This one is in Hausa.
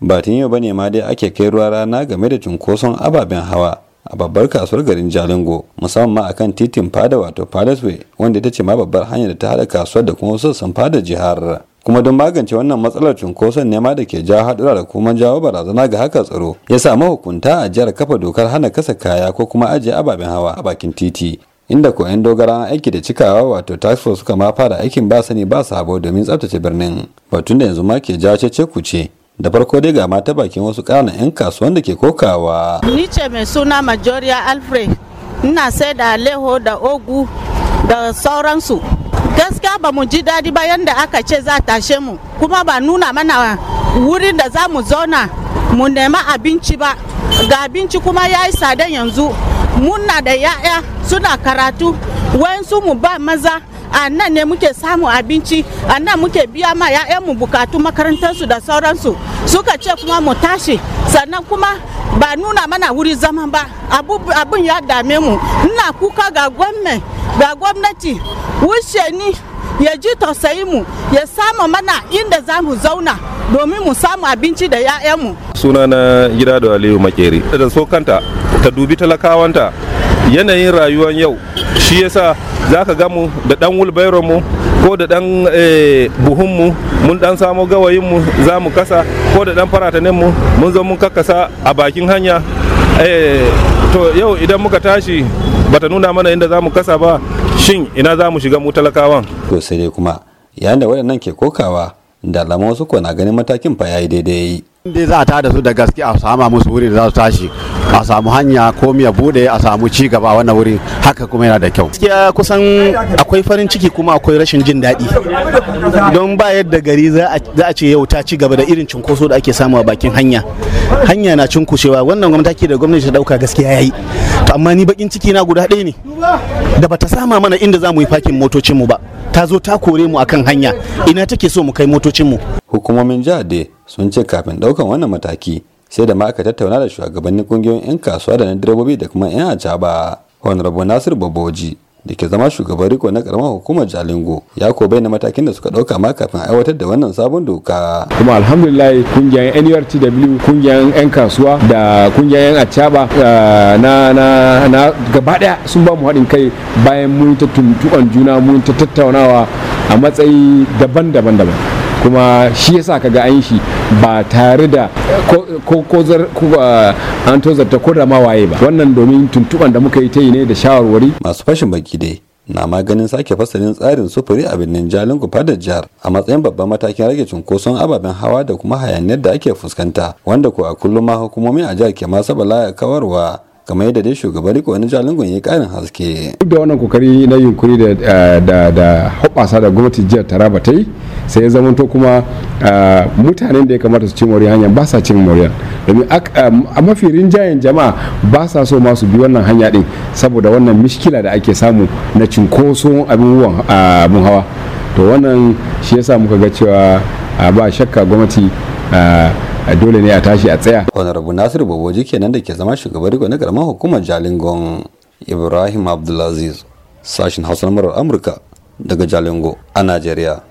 ba tun yau bane ma dai ake kai ruwa rana game da cunkoson ababen hawa a babbar kasuwar garin jalingo musamman ma akan titin fada wato way wanda ita ce ma babbar hanyar da ta hada kasuwar da kuma wasu sun fada jihar kuma don magance wannan matsalar cunkoson ne ma da ke jawo haɗura da kuma jawo barazana ga haka tsaro ya samu hukunta a jihar kafa dokar hana kasa kaya ko kuma ajiye ababen hawa a bakin titi inda koyan dogara aiki da cikawa wato task suka ma fara aikin ba sani ba sabo domin tsabtace birnin batun da yanzu ma ke jawo ku ce. da farko dai ga mata bakin wasu ƙananan 'yan kasuwan da ke kokawa ni ce mai suna majoria alfred ina sai da leho da ogu da sauransu gaskiya ba mu ji daɗi ba yadda aka ce za tashe mu kuma ba nuna mana wurin da za mu zauna mu nema abinci ba ga abinci kuma ya yi sadan yanzu muna da 'ya'ya suna karatu wayansu mu ba maza a nan ne muke samu abinci a nan muke biya ma 'ya'yanmu bukatu makarantarsu da sauransu suka ce kuma mu tashi sannan kuma ba nuna mana wuri zama ba abin ya dame mu ina kuka ga gwamnati wuce ni ya ji tausayi mu ya samu mana inda za mu zauna domin mu samu abinci da 'ya'yanmu na gida da aliyu makeri da so ta dubi talakawanta yanayin rayuwar yau shi yasa za ka gamu da dan mu ko da dan eh, buhunmu mun dan samo gawayinmu za mu kasa ko da dan farataninmu mun zo mun kakkasa a bakin hanya eh, to yau idan muka tashi bata nuna mana inda za mu kasa ba shin ina za mu shiga mu talakawan to sai dai kuma yayin da waɗannan ke kokawa da alamu wasu ko na ganin matakin fa yayi daidai dai za a tada su da gaske a sama musu wuri da za su tashi a samu hanya komi ya bude a samu ci gaba a wannan wuri haka kuma yana da kyau gaskiya kusan akwai farin ciki kuma akwai rashin jin daɗi don ba yadda gari za a ce yau ta ci gaba da irin cunkoso da ake samu a bakin hanya hanya na cunkushewa wannan gwamnati da gwamnati ta dauka gaskiya yayi to amma ni bakin ciki na guda ɗaya ne da bata sama mana inda za mu yi fakin motocin mu ba ta zo ta kore mu akan hanya ina take so mu kai motocin mu hukumomin jihar sun ce kafin daukan wannan mataki sai da ma aka tattauna da shugabannin kungiyoyin 'yan kasuwa da na direbobi da kuma 'yan acaba honorable nasir baboji da ke zama shugaban riko na karamar hukumar jalingo ya ko na matakin da suka dauka ma kafin aiwatar da wannan sabon doka kuma alhamdulillah kungiyar nurtw kungiyar yan kasuwa da kungiyar yan acaba eh, na na na gaba daya sun ba mu haɗin kai bayan mun ta tuntuɓan juna mun ta tattaunawa a matsayi daban-daban daban kuma shi yasa ka ga shi ba tare da ko an tozarta ko da mawaye ba wannan domin tuntuban da muka yi ta yi ne da shawarwari masu fashin baki dai na maganin sake fasalin tsarin sufuri a birnin jalingu fadar jihar a matsayin babban matakin rage cunkoson ababen hawa da kuma hayaniyar da ake fuskanta wanda ko a kullum ma hukumomi a jihar ke masu balaya kawarwa kamar yadda dai shugaban riko wani jalingon ya karin haske duk da wannan kokari na yunkuri da eh, da hoɓasa da gwamnati jihar taraba ta yi sai ya zamanto kuma eh, mutanen da ya kamata su ci moriyar hanya ba sa cin moriyar domin a eh, mafi rinjayen jama'a ba sa so masu bi wannan hanya din saboda wannan mishkila da ake samu na cinkoso abubuwan mun hawa to wannan shi yasa muka ga cewa ba shakka gwamnati dole ne a tashi a tsaya honorable nasiru baboji kenan da ke zama shugaban riko na karamar hukumar jalingon ibrahim abdulaziz sashen hausa na amurka daga jalingo a najeriya